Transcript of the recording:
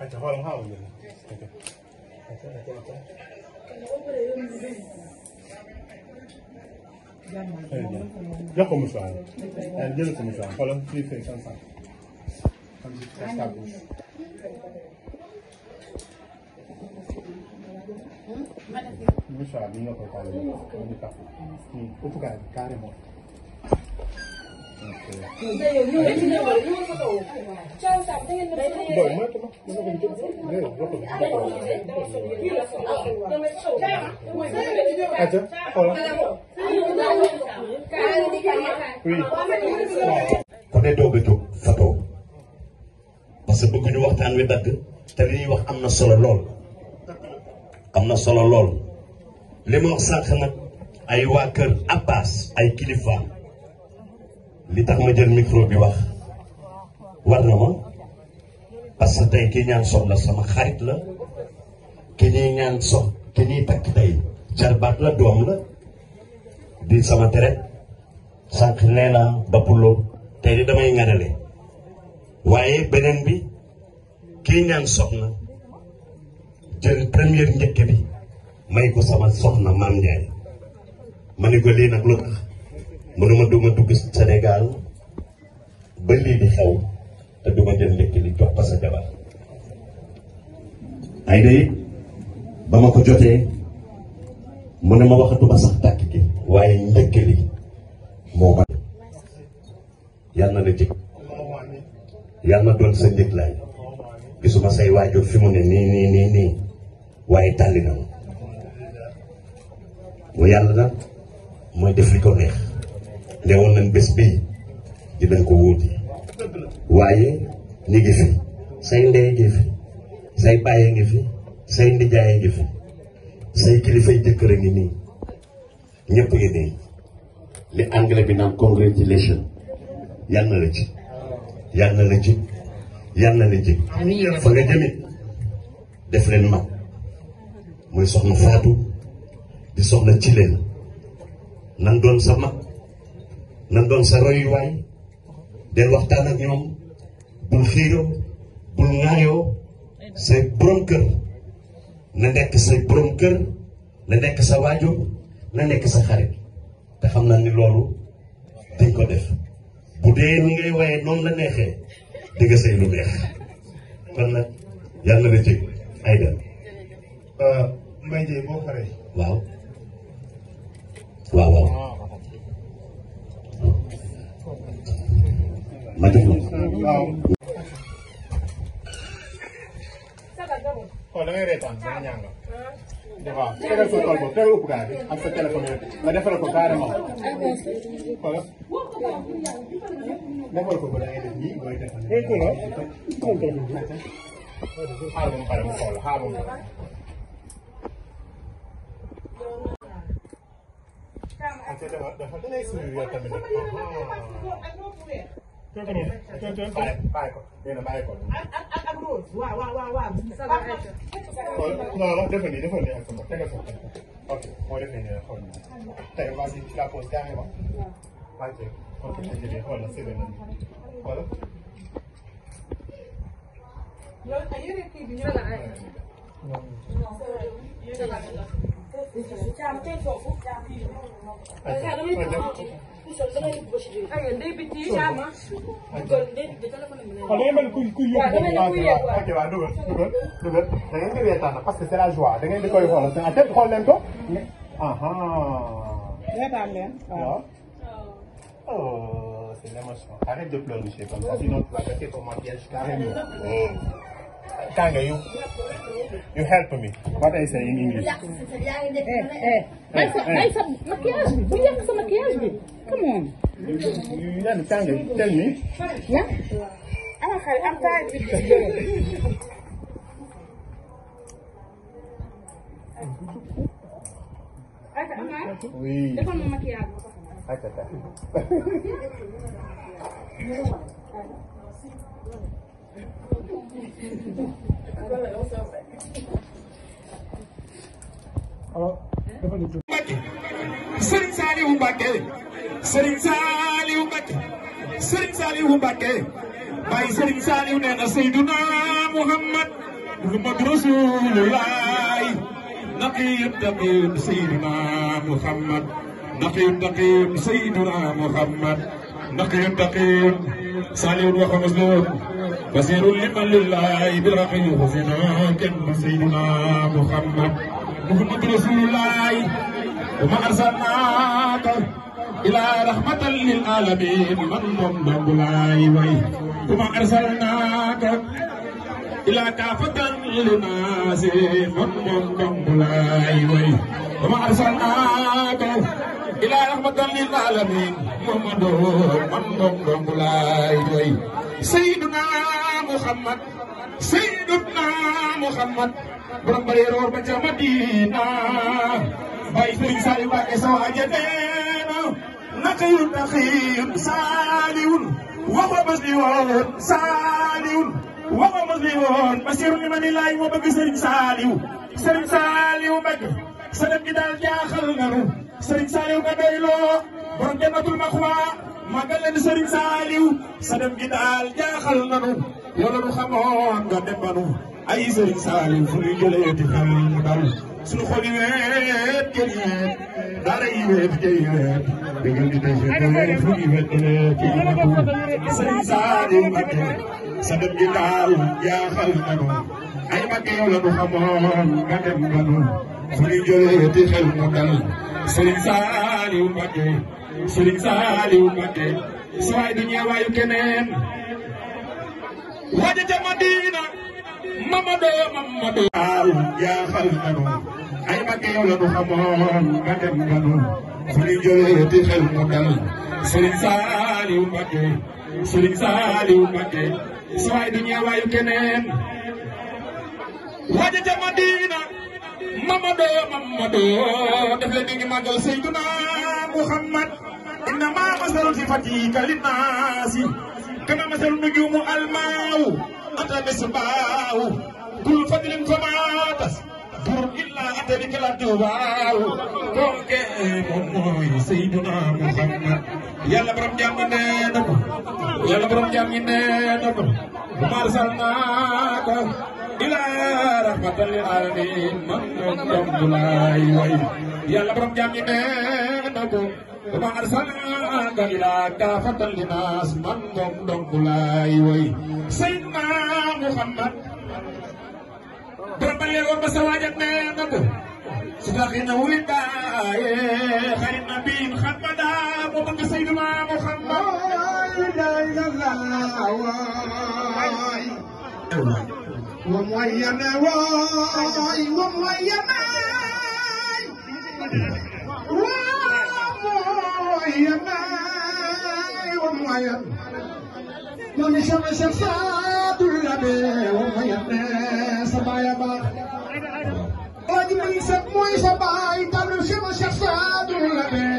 ayca xoolal ma xamal leen ok. jox ko musuwaay jël ko musuwaay xoolal fii fii sans sans comme si sa sa bouche. musuwaay bi ñu la ko tàllee ñu ko tàllee. ëpp kaay bi carrément. ku ne doog fatoo parce que bëgguñu waxtaan wi dagg te li ñuy wax am na solo lool am na solo lool li ma wax sànq nag ay waa kër Abbas ay kilifa li tax ma jël micro bi wax war na ma parce que tey ki ñaan soxla sama xarit la ki ñuy ñaan sox ki ñuy takk tey jarbaat la doom la di sama deret sànq nee naa ba pulo tey di damay nganale waaye beneen bi kii ñaan soxna jël première njëkk bi may ko sama soxna maam Ndiaye ma ne ko lii nag lu tax mënuma duma dugg Sénégal ba lii di xew te duma jël lekk li jox ko jabar ay day ba ma ko jotee mu ne ma waxatuma sax tàkk gi waaye njëkk moo ma yàlla na fi mooy def li ko neex ne woon nañ bés bii dinañ ko wóoti waaye ñu ngi fi say ndee ngi fi say bàyyee ngi fi say ndijaayee ngi fi say kilifay jëkkër a ngi nii ñëpp ngi nii li anglais bi naan congratulation yal na la ci yal na la ci yal na la ci fa nga jëmit def leen mag muy soxna Faatu di soxna ci leen nan doon sa mag nan doon sa royuwaay del waxtaan ak ñoom bul xiiroo bul ŋaayoo say borom kër na nekk say borom kër na nekk sa waajur na nekk sa xarit te xam naa ni loolu dañ ko def bu dee ni ngay waaye noonu la neexee di say lu neex kon nag yàlla na jëg ay dem waaw waaw ma jox la kon da ngay reetaan da nga ñaanga dafa tegal sa tool boobu tegal ëpp gaa bi ak sa téléphone yooyu nga defal ko carrément voilà defal ko ba da ngay def nii booy defal xaar ba mu pare mu xool xaar ba mu pare ak dafa dafa da ngay suñu yow tamit tey tamit tey tey bàyyi bàyyi ko nee na bàyyi ko. ak ak ak ak Rose. waaw waaw waaw waaw. non defal nii defal nii la pause yaa ngi wax. waa jël ok tey jëlee xool la rek. non non. da ngeen di reetaan parce que c'est la joie da ngeen di koy xoolal seen atel xool leen ko. reetaan leen waaw. oh c'est l'émotion. Arrête de pleurnicher comme ça sinon tu vas gâter ton mariage carrément. Eh, Kanga, you you help me. What I say in English? Come on. You, you, you understand? Tell me. Yeah? I'm, ah, I'm tired with this Oui. Attends, attends. Serigne Saliou Mbacké Serigne Saliou Mbacké Serigne Saliou Mbacké Baye Serigne Saliou nee na Seydina Muhammad Muhammad Rasulullah naqiyun taqiyun Seydina Muhammad naqiyun taqiyun Seydina Muhammad naqiyun taqiyun Saliou waxamas loolu بصير لمن لله برقم حسنا كم سيدنا محمد محمد رسول الله وما أرسلناك إلى رحمة للعالمين من ضمن بلاي وي وما أرسلناك إلى كافة للناس من ضمن بلاي وي وما أرسلناك إلى رحمة للعالمين محمد من ضمن بلاي وي سيدنا muhammad sayyiduna muhammad borom bare roor ba ca madina bay sëriñ Saliou Mbacké sa waaja deena naka yu taxin saaliwun waxa mas li woon saaliwun waxa mas li woon basiru li ma ni laay moo bëgg sëriñ Saliou sëriñ Saliou Mbacké sa dem gi daal jaaxal nanu sëriñ Saliou nga doyloo borom jannatul maxwa magal leen sëriñ Saliou sa dem gi daal jaaxal nanu wala du xamoon nga dem banu ay sëriñ Saliou fu ñuy jëlee di xel mu dal suñu xol yi weet kenn weet daara yi weet kenn weet da ngeen di def rek fu ñuy weet kenn weetul sëriñ Saliou Mbacké sa dëkk gi daal jaaxal na ko ay Mbacké yow la du xamoon nga dem banu fu ñuy jëlee di xel mu dal sëriñ Saliou Mbacké sëriñ Saliou Mbacké su waay du ñeewaayu keneen wajata madina mamado mamado al jaaxal nanu ay mag yow la nu xamoon nga dem nanu fu ñu jëlee di xel mu dal Serigne Saliou Mbacké Serigne Saliou Mbacké sawaay du ñeewaayu keneen wajata madina mamado mamado dafa ni ngi màggal Seydina Muhammad inna ma masalu sifati kalinaasi كما مثل النجوم الماء أتى بسماء كل فضل فمات بر إلا أتى بك الأدواء كونك سيدنا محمد يلا برم جامي نينكو يلا برم جامي نينكو مرسلناكو إلى رحمة للعالمين من جنب الله يلا برم جامي نينكو وما أرسلناك إلا كافة للناس من دم دم لاي وي سيدنا محمد بربل يوم بسواجة نبو صدقنا ولد خير نبي محمد وبك سيدنا محمد لا إله إلا الله ومعينا واي ومعينا شر سفساد اللبي وما يبني سبايا بار واجب من سب موي سبايا تنو شر سفساد اللبي